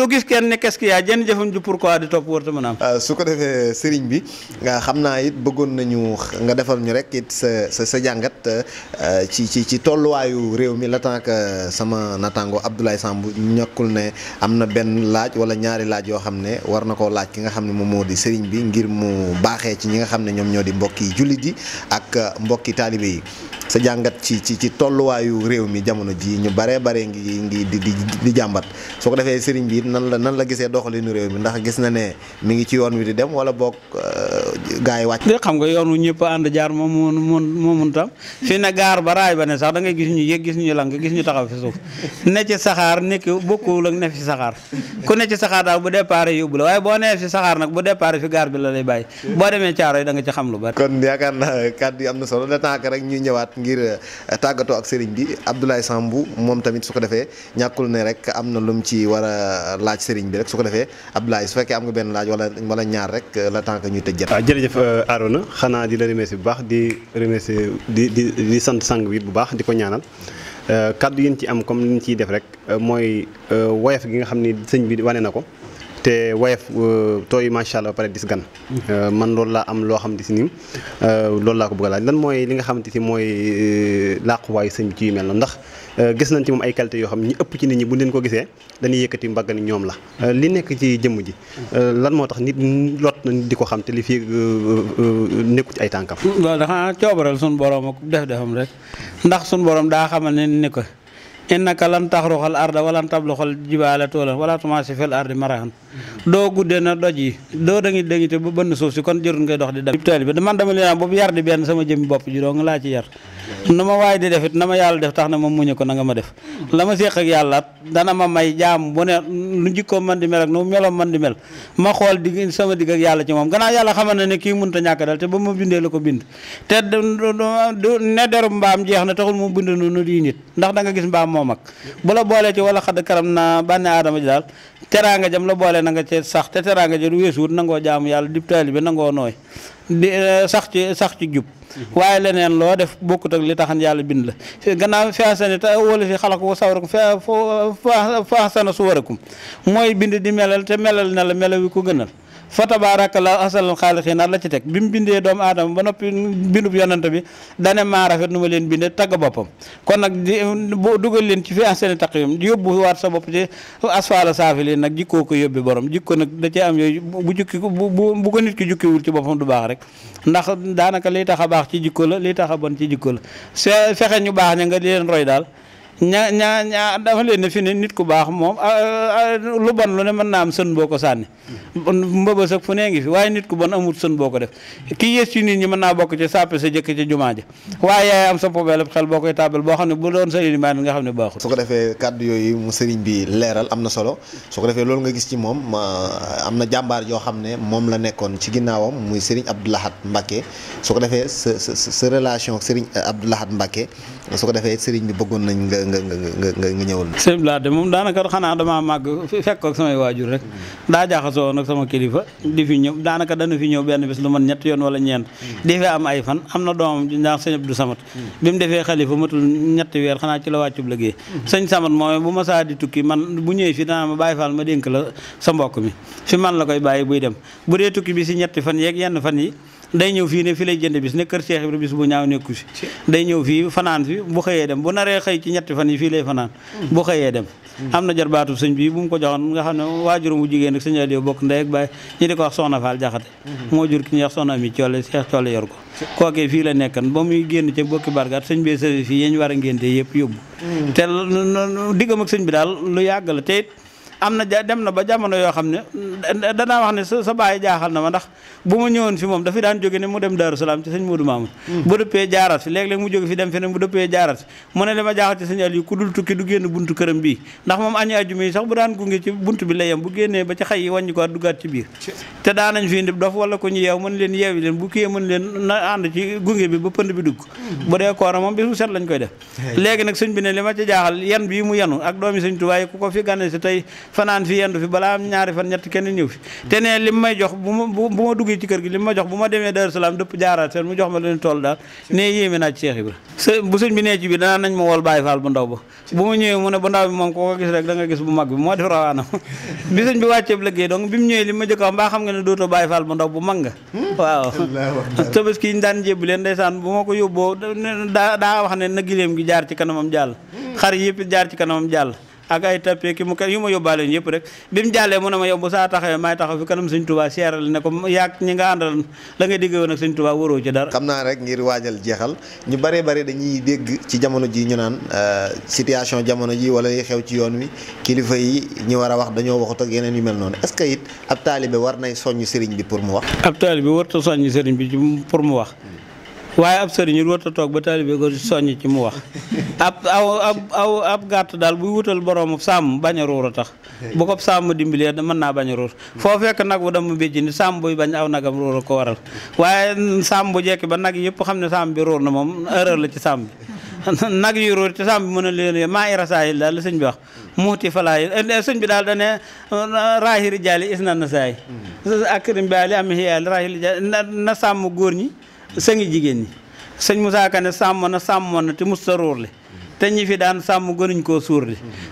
du gis kenn ne qu'est-ce qu'il y pour jenn jëfam du pourquoi di topp wërta mën a am ah, su ko defee sëriñ bi nga xam naa it bëggoon nañu nga defal ñu rek it sa sa jàngat ah, ci ci ci tolluwaayu réew mi la tant que sama natango Abdoulaye Samb ñàkkul ne am na benn laaj wala ñaari laaj yoo xam ne war na ko laaj ki nga xam ne moom moo di sëriñ bi ngir mu baaxee ci ñi nga xam ne ñoom ñoo di mbokki jullit yi ak euh, mbokki taalibe yi sa jàngat ci ci ci tolluwaayu réew mi jamono ji ñu baree bare ngi ngi di di di jàmbat soo ko defee sëriñ bi nan la nan la gisee doxalinu réew mi ndax gis na ne mi ngi ci yoon wi di dem wala boog euh, gaa yi wàcc. xam nga yoon wu ñëpp ànd jaar moom moo moo moo mun tam fii na gaar ba raay ba ne sax da ngay gis ñu yëg gis ñu lang gis ñu taxaw fi saxaar ku ne ci saxaar daal bu départ yóbbu la waaye boo nee fi saxaar nag bu départ fi gaar bi la lay bàyyi boo demee caaro yi da nga ci xam lu bari kon yaakaar naa kàddu yi am na solo le temps rek ñuy ñëwaat ngir eh, tàggatoo ak sëriñ bi Abdoulaye sambu moom tamit su ko defee ñàkkul ne rek am na lu mu ci war a laaj sëriñ bi rek su ko defee Abdoulaye su fekkee am nga benn laaj wala wala ñaar rek la tànk que ñuy tëj jëf. waaw ah, jërëjëf euh, Arona xanaa di la remercier bu baax di remercier di di di sant sang bi bu baax di ko ñaanal Euh, kaddu yi ñu ci am comme li ñu ciy def rek euh, mooy euh, woyof gi nga xam ni sëñ bi wane na ko te woyof euh, tooy macha allah ba pare dis gan. Mm-hmm. Euh, man loolu laa am loo xamante si ni euh, loolu laa ko bëgg a laaj lan mooy li nga xamante si mooy laaquwaayu sëñ bi ci yu mel na ndax gis nañ ci moom ay qualité yoo xam ne ñi ëpp ci nit ñi bu leen ko gisee dañuy yëkkati mbagg ni ñoom la. Mm-hmm. li nekk ci jëm ji. Mm-hmm. lan moo tax nit lot na nit di ko xam te li fi nekku ci ay tànkam. loolu dafa coobaral sunu borom ne ni ko. innaka lan taxruxal arda walan tabluxal jibaala toola wala tumaasi fil ardi marahan doo guddee na doj yi doo dangi dangi te ba bënn suuf si kon jërul ngay dox di dem taalibe man dama leen boobu yar di benn sama jëmmi bopp ji doo nga laa ci yar nu ma waay di def it na ma yàlla def tax na ma muñu ko na nga ma def la ma séq ak yàlla dana ma may jaam bu ne lu jikkoo man di mel ak nu meloom man mel ma xool di sama digg ak yàlla ci moom gannaaw yàlla xamal ne kii mënut a ñàkk dal te ba ma bindee la ko bind te ne derub mbaam jeex na taxul mu bind nu di nit ndax da nga gis mbaam moo mag bu la boolee ci wala xadd karam na bànne aadama ji daal teraanga jam la boolee na nga cee sax te teraanga ji du weesuwut nangoo jaamu yàlla dib taalibe nangoo nooy di eh, sax ci sax ci jub waaye leneen loo def bokkut ak li tax yàlla bind la gannaaw fi asani ta wala fi xalak wa sawrakum fa fa asana suwarakum mooy bind di melal te melal na la melaw wi ko gënal fa tabaarakallaahu ahsanul xaaliqiin la ci teg bi mu bindee doomu aadama ba noppi bindub yonante bi dane maa rafet nu ma leen bindee tagg boppam kon nag di bu dugal leen ci fi ahsani taqwiim yóbbu waat sa bopp ci asfaala saafiliin nag jikkoo ko yóbbi borom jikko nag da cee am yooyu bu jukki bu ko nit ki jukkiwul ci boppam du baax rek ndax daanaka liy tax a baax ci jikko la liy tax a bon ci jikko la fexe ñu baax ña nga di leen roy daal ña ñaa ña dafa leen ne fi ne nit ku baax moom ah, ah, lu bon lu ne mën naa am sën boo ko sànni mbëbës ak fu nee ngi fi waaye nit ku bon amut sën boo ko def kii yées ci nit ñi mën naa bokk ci sàppe sa jëkk ci jumaa ja waaye yaay am sa poubelle xel boo koy tàbbal boo xam ne bu doon sa limaam nga xam ne baaxut su ko defee kàddu yooyu mu sëriñ bi leeral am na solo su ko defee loolu nga gis ci moom am na jàmbaar yoo xam ne moom la nekkoon ci ginnaawam muy sëriñ Abdou Lahad Mbacké su ko defee sa sa relation ak sëriñ Abdou Lahad su ko defee sëriñ bi bëggoon nañ nga nga nga nga ñëwal. sëñ Blade moom daanaka xanaa damaa màgg fekk ko ak samay waajur rek daa jaaxasoo nag sama kilifa di fi ñëw daanaka dana fi ñëw benn bis lu man ñett yoon wala ñeent. di fi am ay fan am na doomam di naan sëñ Abdou Samat. bi mu defee xalifa matul ñetti weer xanaa ci la wàccub liggéey. sëñ Samat moom bu ma saa tukki man bu ñëwee fi danaa ma bàyyi faal ma dénk la sa mbokk mi fi man la koy bàyyi buy dem bu dee tukki bi si ñetti fan yeeg yenn fan yi day ñëw fii ne fi lay jënd bis ne kër Cheikh Ibra bis bu ñaaw nekku si day ñëw fii fanaan fi bu xëyee dem bu naree xëy ci ñetti fan yi fii lay fanaan hmm. bu xëyee dem hmm. am na jarbaatu sëñ bi bu mu ko joxoon nga xam ne waajur mu jigéen ak sëñ Aliou bokk ndey ak baay ñi di ko wax Soxna Fall Jaxate hmm. moo jur ki ñuy wax Soxna mi Coole Cheikh Coole yor ko kookee fii la nekkan ba muy génn ca bokki bargaat sëñ bee sëri fii yéen war a ngénte yëpp yóbbu te diggam ak sëñ bi daal lu yàgg la te am na dem na ba jamono yoo xam ne danaa wax ne sa sa bàyyi jaaxal na ma ndax bu ma ñëwoon fi moom dafa daan jóge ne mu dem Daaru Salaam ci sañ Modou Mamoun mm. bu dëppee jaarat fi léeg fi dem feneen dëppee jaarat fi mu ne dama jaaxal ci sëñ Aliou tukki du génn buntu këram bii ndax moom añu ajuma yi sax daan gunge ci buntu bi la yem bu génnee ba ci xay yi wàññi ko duggaat ci biir te daanañ fi indi dof wala ko ñu yeew leen yeewi leen bu kiyee mën leen na ànd ci gunge bi ba pënd bi dugg mm. bu dee koora moom bis bu set lañ koy def léegi nag sëñ bi ne li ma ci jaaxal yan bii mu yanu ak doomi sëñ Tuubaa ku ko fi gane si tey fanaan fi yendu fi balaa am ñaari fan ñett kenn ñëw fi te ne li may jox bu ma bu ma duggee ci kër gi li ma jox bu ma demee Daaru Salaam dëpp jaaraat seen mu jox ma leen toll daal ne yéeme naa ci Cheikh Ibra bu sëñ bi nee ci bi danaa nañ ma wool Baye Fall bu ndaw bu mu ne bu ndaw ko nga gis bu mag moo def rawaanam bi sëñ bi wàcceeb bi mu ñëwee li ma jëkk wax mbaa xam nga ne dootoo Baye Fall bu ndaw bu mag hmm? ñu daan jébbi leen ndeysaan bu ma ko yóbboo daa wax ne na gileem gi jaar ci kanamam jàll hmm. xar yëpp jaar ci kanamam jàll ak ay tappee ki mu kat yu ma yóbbaale ñu yëpp rek bi mu jàllee mu ne ma yow saa taxawee maay taxaw fi kanam sëñ Tuubaa seeral ne ko yaak ñi nga àndal la nga digg woon ak sëñ Tuubaa wóoroo ci dara xam naa rek ngir waajal jeexal ñu bare bare dañuy dégg ci jamono ji ñu naan euh, situation jamono ji wala yi xew ci yoon wi kilifa yi ñi war a wax dañoo waxut ak yeneen yu mel noonu est que it ab taalibe war nay soññ sëriñ bi pour mu wax ab taalibe warta soññ bi pour mu wax waaye ab sëriñ ñu a toog ba taalibe ko soññ ci mu wax ab aw ab aw ab gàtt daal buy wutal boroomu sàmm bañ a ruur a tax bu ko sàmm dimbalee mën naa bañ a ruur foo fekk nag bu dama béjji ni sàmm buy bañ aw nagam ruur ko waral waaye sàmm bu jekki ba nag yëpp xam ne sàmm bi ruur na moom la ci sàmm bi nag yu ruur ci sàmm bi mën a leen maa i rasaayil daal la sëñ bi wax muuti falaayi eh, eh, sëñ bi daal dane raahiri jaali is na na saay hmm. ak rim baali am xiyaali raahiri jaali na sàmm góor ñi sëngi jigéen ñi sëñ mu Moussa ne sàmm na sàmmoon na te mus sa róorle te ñi fi daan sàmm gënuñ koo suur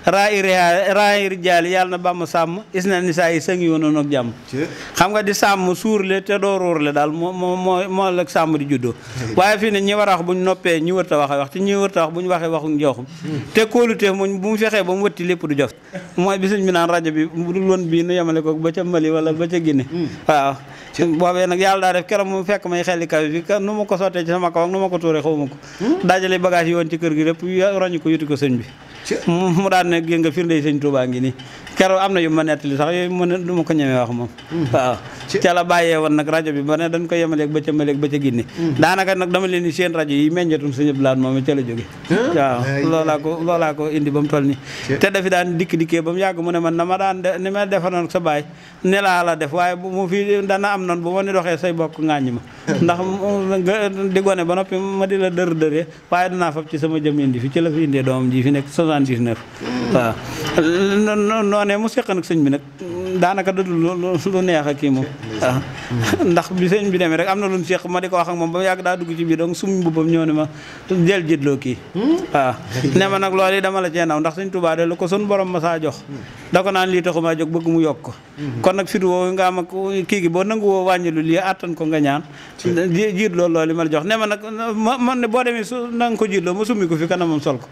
raa i raa i rijaal yàlla na bàmm sàmm is na saa yi sëngi woon ak jàmm xam nga di sàmm suurle te doo róorle daal moo moo moo moo la sàmm di juddoo waaye fii ne ñi war a wax buñ noppee ñu wërta waxe wax te ñi wërta wax bu ñu waxee waxuñ joxum te kóolutee muñ bu mu fexee ba mu wëtti lépp du jof mooy bi sëñ bi naan rajo bi bu dul woon bii nu yemale ko ba ca Mali wala ba ca Guinée hmm. waaw ci boobee nag yàlla daa def keroog mu fekk may xelli kaw bi nu ma ko sottee ci sama kaw ak nu ma ko tuuree xaw ma ko hmm? dajale bagage yi woon ci kër gi lépp roñu ko yuti ko sëñ bi mu daan ne gé nga firnde sëñ Tuubaa ngi nii keroog am na yu ma nettali sax yooyu ma ne du ma ko ñemee moom mm. waaw ca la bàyyee woon nag rajo bi ba ne dañ ko yemaleeg ba ba ca Ginne daanaka nag dama leen seen rajo yi meññatum sëñ Abdou Lahad moom ca la jóge ah, waaw loolaa ko loolaa ko indi ba mu toll nii te dafi daan dikk dikkee ba mu yàgg mu ne na ma daan ni ma defanoon sa baay ne laa la def waaye mu fii bokk ngaañi ma ndax di gone ba noppi ma di la dër dëree waaye danaa fab ci sama jëm indi fi ci la fi indee doomam ji 79. waaw noonee mu seqan ak sëñ bi nag daanaka du lu neex ak kii moom ah. ndax bi sëñ bi demee rek am na lu mu séq ma di ko wax ak moom ba yàgg daa dugg ci biir donc sum mbubbam ñëw ne ma jël jëtloo kii waaw hmm? ah. la cee naw ndax sëñ Tuubaa la ko sun borom ma saa jox hmm. da ko naan lii taxumaa jóg bëgg mu yokk ko hmm. kon nag fitu woowu nga am ak kii gi boo nangu woo wàññilu lii attan ko nga ñaan jiit loolu loolu li ma la jox ne ma nag man ne boo demee su na nga ko jiitloo ma summi ko fi kanamam sol ko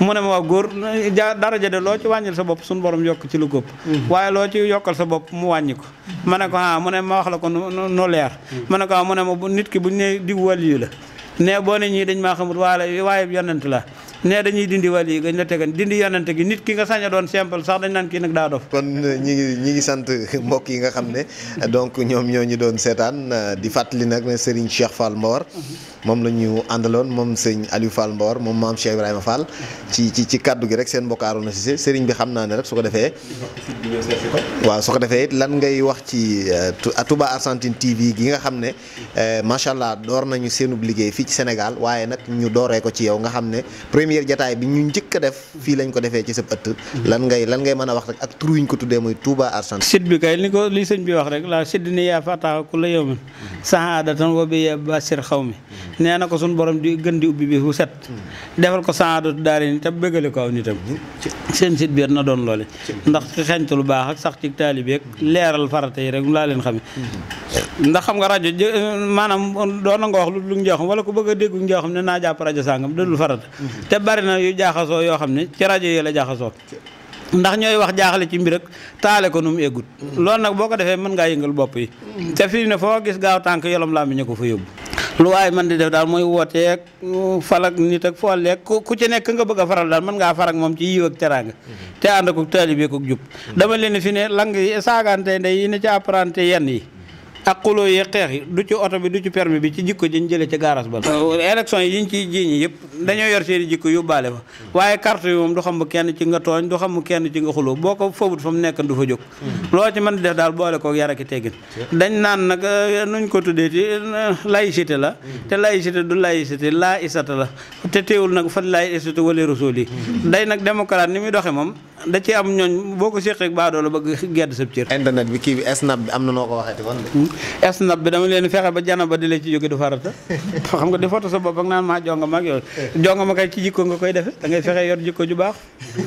mu ne ma waaw góor daraja de loo ci wàññil sa bopp sun borom yokk ci lu góob waaye loo ci yokkal sa bopp mu wàññi ko ma ne ko ah mu ne ma wax la ko nu leer ma ne ko ah mu ne ma nit ki bu ñu ne diw la ne boo ne ñii dañ maa xamut waale waaye yonent la ne dañuy dindi wàll yi gañ la tegan dindi yonente gi nit ki nga sañ a doon simple sax dañ naan kii nag daa dof kon ñi ñi sant mbokk yi nga xam ne donc ñoom ñoo ñu doon seetaan di fàttali nag ne Cheikh Fall Mbawar moom la ñu àndaloon moom sëñ Aliou Fall Mbawar moom maam Cheikh Ibrahima ci ci ci kaddu gi rek seen mbokk Arouna Cissé Serigne bi xam naa ne su ko defee waaw su ko defee lan ngay wax ci euh, Touba Argentine TV gi nga xam ne euh, macha door nañu seenub liggéey fii ci Sénégal waaye nag ñu dooree ko ci yow nga xam ne première jataay bi ñu njëkk a def fii lañ ko defee ci sa ëtt lan ngay lan ngay mën a wax rek ak tur wiñ ko tuddee muy Touba Argentine sit bi kay ni ko li sëñ bi wax rek la sidd ni da fataha ku la yow mi sahaadatan wa bi ya basir xaw mi nee na ko suñ borom di gën tam bëggale ko aw nitam seen sit biir na doon loole ndax ci xentu baax ak sax ci taalibeek leeral farata yi rek laa leen xame ndax xam nga rajo maanaam doon na nga wax lu lu njooxam wala ku bëgg a dégg njooxam ne naa jàpp rajo sàngam dëdul farata bari na yu jaaxasoo yoo xam ne ci rajo yi la jaaxasoo ndax ñooy wax jaaxle ci mbir ak taale ko nu mu eggut loolu nag boo ko defee mën ngaa yëngal bopp yi te fii ne foo gis gaaw tànk yolom laa ko fa yóbbu lu waaye man di def daal mooy wooteeg falak nit ak fooleeg ku ci nekk nga bëgg a faral daal mën ngaa farak moom ci yiw ak teraanga te ànd ak taalibe ak jub dama leen fi ne lang yi ndey yi ne ci apprenti yenn yi ak xuloo yee xeex yi du ci oto bi du ci permis bi ci jikko jiñ jëlee ca gaaraas ba la oh, élection yi yiñ ciy jiiñ yëpp dañoo yor seeni jikko yóbbaale fa waaye carte yi moom du xam kenn ci nga tooñ du xam kenn ci nga xuloo boo ko fawut fa mu nekk du fa jóg hmm. loo ci mën def daal boole ko yar ak teggin dañ naan nag eh, nuñ ko tuddee ci eh, laïcité la hmm. te laïcité du laïcité laa isata la te teewul nag fan laa isata wala rasul yi hmm. day nag démocrate ni muy doxe da ci am ñooñ boo ko séqee baadoo la bëgg gedd sab cër internet bi kii bi snap bi am na noo ko waxeeti kon de hmm. snap bi dama leen fexe ba jana ba di la ci jóge du farata xam nga sa bopp ak naan maa jonga ma ak yooyu koy defe da ngay fexe yor jikko ju baax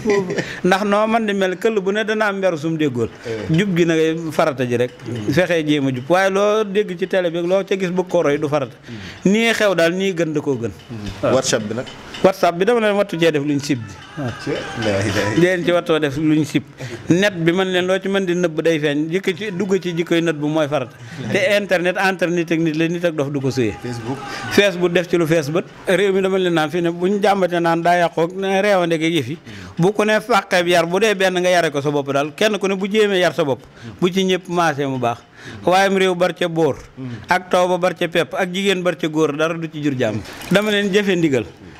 ndax noo man di mel këll bu ne danaa mberu sum déggool eh. jub gi na farata ji rek hmm. fexee jéem a waaye loo dégg ci télé bi loo ca gis bëgg ko roy du farata hmm. nii xew daal nii gën da koo gën whatsapp bi nag whatsapp bi dama leen wattu cee def luñ sib di leen ci wat wartoo def ñu sib net bi man leen loo ci mën di nëbb day feeñ jikko ci dugg ci jikkoy nët bu mooy farata te internet entre nit ak la nit ak dof du ko fees bu def ci lu fees bët réew mi dama leen naan fii ne ñu jàmbatee naan daa yàqoo reewande ak yëf yi bu ko ne fàqeeb yar bu dee benn nga yare ko sa bopp daal kenn ku ne bu jéemee yar sa bopp bu ci ñëpp maasee mu baax waaye mu réew bar ca bóor ak taw ba bar ca pepp ak jigéen bar ca góor dara du ci jur jàmm dama leen jëfe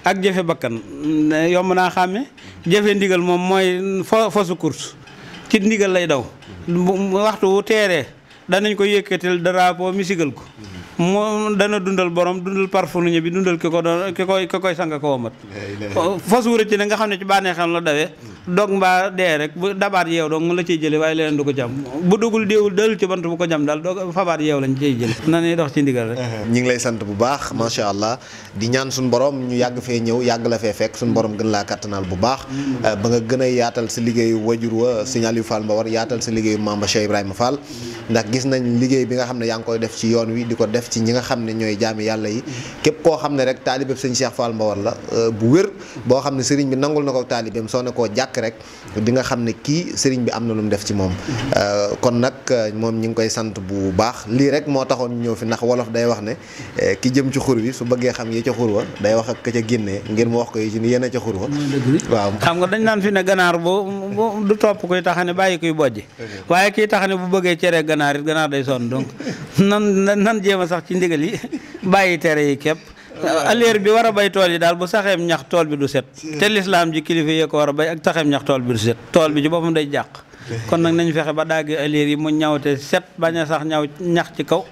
ak jafe bakkan yomb naa xàmme jëfe ndigal moom mooy fo fosu course ci ndigal lay daw waxtu wu teere danañ ko yëkkatil drapeau mi sigal ko moo dana dundal borom dundal parfumé bi dundal ki ko doon ki koy ki koy sang ko womat fas wu ne nga xam ne ci bànneexam la dawee dog mbaa dee rek bu dabaat yeew dong la ciy jële waaye leneen du ko jam bu dugul déewul dal ci bant bu ko jam daal doo fabaat yeew lañ ciy jële na ñuy dox ci ndigal rek ñi ngi lay sant bu baax macha allah di ñaan suñu borom ñu yàgg fee ñëw yàgg la fee fekk suñu borom gën laa kattanal bu baax mm. ba nga gën a yaatal sa liggéeyu wajur wa signal yu Fall Mbawar yaatal sa liggéeyu Mamba Ibrahima Fall mm. ndax gis nañ liggéey bi nga xam ne yaa ngi koy def ci yoon wi di ko def def ci ñi nga xam ne ñooy jaami yàlla yi képp koo xam ne rek taalibeb sëñ Cheikh Fall Mbawar la euh, bu wér boo xam ne sëriñ bi nangul na ko taalibeem soo ne koo jàkk rek di nga xam ne ki sëriñ bi am na lu mu def ci moom euh, kon nag euh, moom ñi ngi koy sant bu baax lii rek moo taxoon ñëw fi ndax wolof day wax ne ki jëm ci xur wi su bëggee xam yi ca wa day wax ka ca génnee ngir mu wax ko yi ci ni yéen ca xur wa waaw xam nga dañ naan fi ne ganaar boo du topp kuy taxane bàyyi kuy bojj waaye kiy taxane bu bëggee cere ganaar ganaar day sonn donc a sax ci ndigal yi bàyyi tere yi képp euh, alléer bi war a bay tool yi daal bu saxeem ñax tool bi du set te lislaam ji kilifa yee ko war a bay ak saxeem ñax tool bi du set tool bi ci boppam day jàq kon nag nañu fexe ba dagg alléer yi mu ñawte set bañ a sax ñaw ñax ci kaw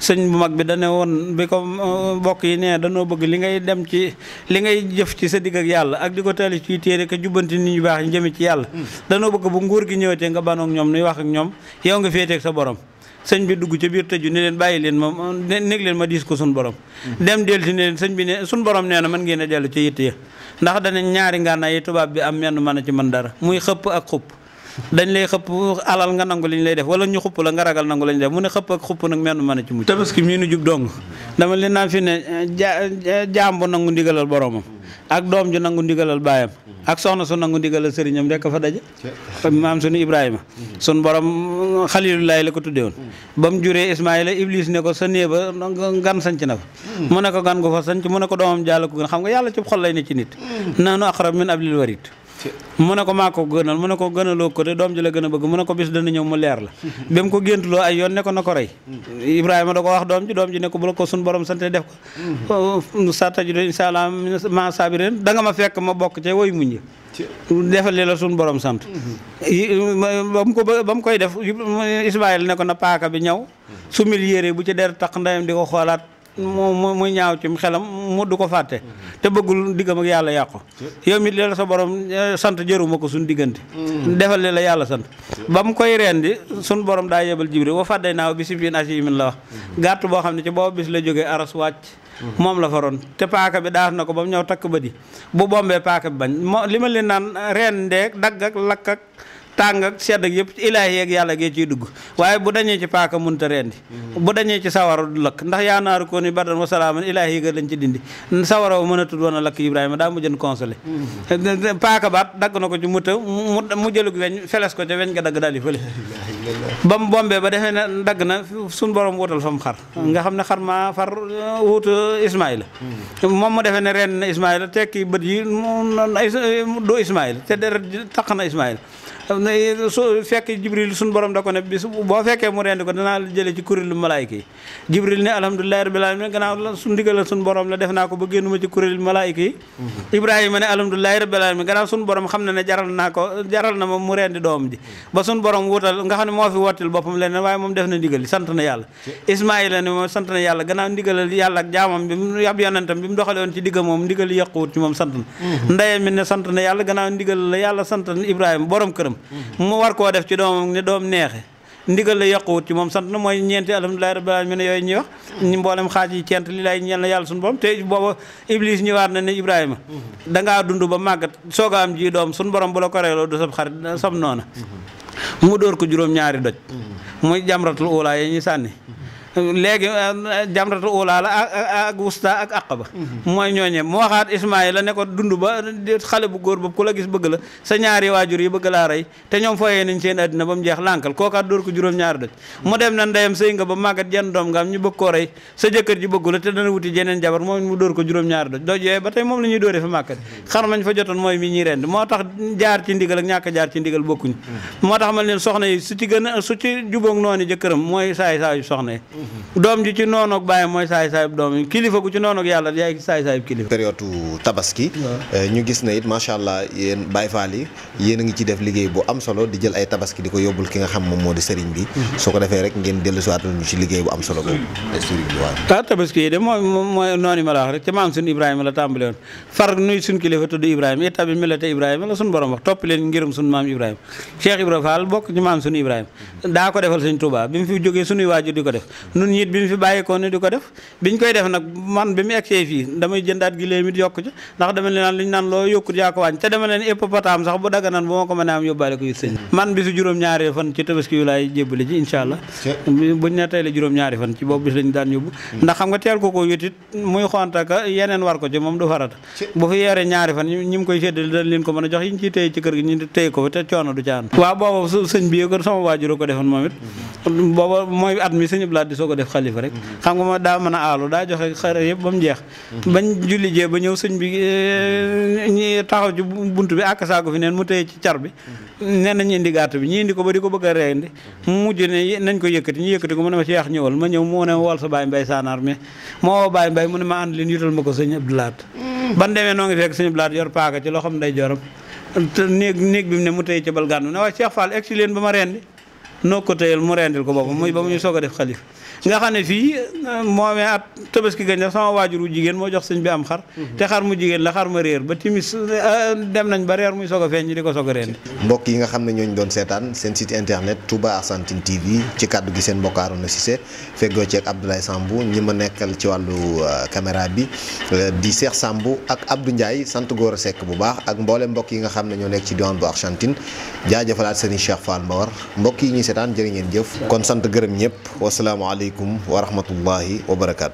sëñ bu mag bi dane woon bi ko euh, bokk yi nee danoo bëgg li ngay dem ci li ngay jëf ci sa digg ak yàlla ak di ko tali ciy téere ka jubbanti ni ñu baax ñu ci yàlla hmm. danoo bëgg bu nguur gi ñëwatee nga banoog ñoom nuy wax ak ñoom yow nga féeteeg sa borom sëñ bi dugg ca biir tëju ni leen bàyyi leen ma neg leen ma diis ko sun borom dem dellusi ne leen sëñ bi ne sun borom nee na mën ngeen a dellu ci yitte ya ndax dana ñaari ngànnaay yi tubaab bi am menn mën a ci man dara muy xëpp ak xupp dañ lay xëpp alal nga nangu li ñu lay def wala ñu xupp la nga ragal nangu la ñu def mu ne xëpp ak xupp nag menn mën a ci mucc tabaski mii nu jub dong dama leen naan fi ne eh, eh, jaam bu nangu ndigalal boromam ak doom ju nangu ndigalal baayam ak soxna su nangu ndigalal sëriñam eh, la ko tuddee ba mu juree ismaila iblis ne ko sa néeg ba gan sanc na fa mu ne ko gu fa sanc mu ne ko doomam jàll ko gën xam nga yàlla ci xol lay ne ci nit mm. naanu aqrab min ablil warit mu ne ko maa ko gënal mu ne ko gënaloo ko de doom ji la gën a bëgg mu ne ko bis dana ñëw mu leer la ba mu ko géntuloo ay yoon ne ko na ko rey mm. ibrahima da ko wax doom ji doom ji ne ko bu la ko sun borom sante def ko mm. oh, oh, sarta ji do insha allah ma sabirin da nga fekk ma bokk ca woy muñ defal li la sun borom sant mm-hmm. ba mu koy def ismaïl ne ko na paaka bi ñëw mm-hmm. sumil yére bu ci der taq ndeyam di ko xoolaat mu mu ñaaw ci xelam mu du ko fàtte te bëggul diggam ak yàlla yàqu yow mi mit la sa borom eh, sant jëruma ko suñ diggante mm. defal li la yàlla sant ba mu koy rendi suñ borom daa yebal jibril wa fàdday naaw bi si biin asi min la wax mm-hmm. gàtt boo xam ne ci boo bis la jógee aras wàcc mm-hmm. moom la faroon te paaka bi daas na ko ba mu ñëw takk ba di bu bombee paaka bi bañ moo li ma leen naan reen ndeeg dagg ak lakk ak tàng ak sedd ak yëpp ilaahi yeeg yàlla gee ciy dugg waaye bu dañee ci paaka munta rendi mm-hmm. bu dañee ci sawara du lakk ndax yaa naaru ko ni bardan wa salaaman ilaahi yi ga lañ ci dindi sawara wa mën a tudd woon a lakk ibrahima daa mujjën consolé mm-hmm. paaka baat dagg na ko ci mu të mu jëlug weñ feles ko ca weñ ga dagg daal di fële ba mu bombee ba defee na dagg na suñ borom wutal fa mu xar mm-hmm. nga xam ne xar maa far uh, wut uh, ismaila moom mu defee ne ren na ismaila tekki bët yi du ismaila te deret taq na ismaila su fekk jibril suñu borom da ko ne boo fekkee mu rendi ko danaa la jëlee ci kuréelu malaayika yi jibril ne alhamdulilahi rabbil alamin gannaaw la su borom la mhm. ne na ne jaral naa ko jaral na ma mu rendi doom ji ba suñu borom wutal nga xam ne moo fi wottil boppam leneen waaye moom def na ndigal sant na yàlla ismaila ne moom sant na yàlla gannaaw ndigal mhm. yàlla gannaaw ndigal la yàlla sant na borom këram mhm. mu war koo def ci doomam ni doom neexe ndigal la yàquwut ci moom sant na mooy ñeenti alhamdulilahi rabbil alamin yooyu ñuy wax ñu mboolem xaaj yi cent li lay ñeel na yàlla suñu borom te booba iblis ñëwaat na ne ibrahima mhm. dangaa dund ba màggat sooga am ji doom suñu borom bu la ko reeloo du sab xarit sab noona mhm. mu dóor ko juróom ñaari doj mhm. muy jamratul ula yi ñuy sànni léegi euh, jamratu ulaa la ak wusta ak aqaba mooy ñooñe mu waxaat ismaila la ko dund ba xale bu góor boobu ku la gis bëgg la sa ñaari waajur yi bëgg laa rey te ñoom fooyee nañ seen àddina ba mu jeex lànkal kookaat dóor ko juróom-ñaari doj mu dem na ndeyam sëy nga ba màggat jenn doom nga am ñu bëgg koo rey sa jëkkër ji bëggu la te dana wuti jeneen jabar moom mu dóor ko juróom-ñaari doj doj yooyu ba tey moom la ñuy dóoree fa màkkat xar mañ fa jotoon mooy mi jaar ci ndigal ak ñàkk jaar mm. moo tax ma leen soxna yi su ci gën su ci jubóog jëkkëram mooy saay saayu soxna yi doom ji ci noonu ak bàyyi mooy saay saayub doom yi kilifa gu ci noonu ak yàlla yaay saay saayub kilifa. période tabaski. Eh, ñu gis na it macha allah yéen Baye Fall yi yéen a ngi ci def liggéey bu am solo di jël ay tabaski di ko yóbbul ki nga xam moom moo di sëriñ bi. Mm-hmm. soo ko defee rek ngeen dellusiwaat ñu ci liggéey bu am solo boobu. waaw tabaski yi de mooy mooy noonu ma la wax rek te maam suñu Ibrahima la tàmbale woon far nuy suñu kilifa tudd Ibrahima état bi melate Ibrahima la suñu borom wax topp leen ngirum suñu maam Ibrahima Cheikh Ibrahima Fall bokk ci maam suñu Ibrahima daa ko defal suñ Touba bi mu fi jógee suñuy waajur di ko def nun it bi mu fi bàyyeekoo ni di ko def biñ koy def nag man bi mu egsee fii damay jëndaat giléem it yokk ci ndax dama leen naan li ñu naan loo yokkut yaa ko wàññi te dama leen hippopotame sax bu dagga naan bu ma ko mënee am yóbbaale ko it sëñ man bisu juróom-ñaari fan ci tabaski yu laay jébbali ji incha allah buñ ne tey ci boobu bis daan yóbbu ndax xam nga teel ko ko yit it muy xontaka yeneen ci moom du farata bu fi yeere ñaari fan ñi mu koy séddale dañ leen ko mën a jox yi ñu ciy téye ci kër gi ñu téye ko fi te coono du caan waaw boobu ko defoon moom it booba mooy at mi sëñ Abdou Lahad di soog a def xalifa rek xam nga ma daa mën a aalu daa joxe xare yëpp ba mu jeex bañ julli jee ba ñëw sëñ bi eh, ñi taxaw ci bunt bi ak saako fi neen mu téye ci car bi nee nañ indi gàtt bi ñi indi ko ba di ko bëgg a reyandi mujj ne nañ ko yëkkati ñu yëkkati ko mu ne ma Cheikh ñëwal ma ñëw mu ne wol sa Baye Mbaye Sanar mais moo woo Baye Mbaye ma ànd leen ma ko sëñ Abdou Lahad ban demee noo ngi fekk sëñ Abdou Lahad yor paaka ci loxoom day joram néeg néeg bi mu ne mu téye ci bal gànn ne waaye Cheikh Fall egg leen ba ma rendi noo ko téyal mu rendil ko boppam muy ba mu ñu soog a def xalif nga xam ne fii euh, moomee at tabaski gañ la sama waajuru jigéen moo jox sëñ bi am xar mhm. te xar mu jigéen la xar ma réer ba timis euh, dem nañ ba reer muy soog a feeñ ñu di ko soog reen mbokk yi xam ne ñooñu doon seetaan seen site internet Touba Argentine TV ci kàddu gi seen mbokk Arouna Cissé feggoo ceeg Abdoulaye Sambou ñi ma nekkal ci wàllu euh, caméra bi di Cheikh Sambou ak Abdou njaay sant Gora sekk bu baax ak mboole mbokk yi nga xam ne ñoo nekk ci diwaan bu Argentine jaajëfalaat sëriñ Cheikh Fall Mbawar mbokk yi ñuy seetaan jërë ngeen jëf kon sant gërëm ñëpp wasalaamaaleykum aleykum wa rahmatullahi wa barakaatu.